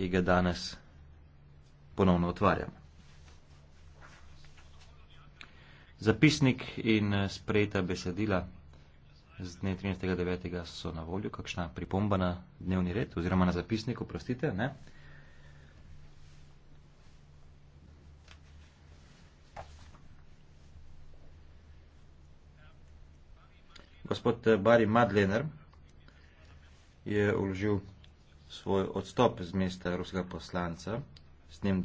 ki ga danes ponovno otvarjamo. Zapisnik in eh, sprejeta besedila z dne 13.9. so na voljo, kakšna pripomba na dnevni red oziroma na zapisnik, oprostite, ne? Gospod eh, Bari Madlener je vložil svoj odstop z mesta ruskega poslanca, s tem,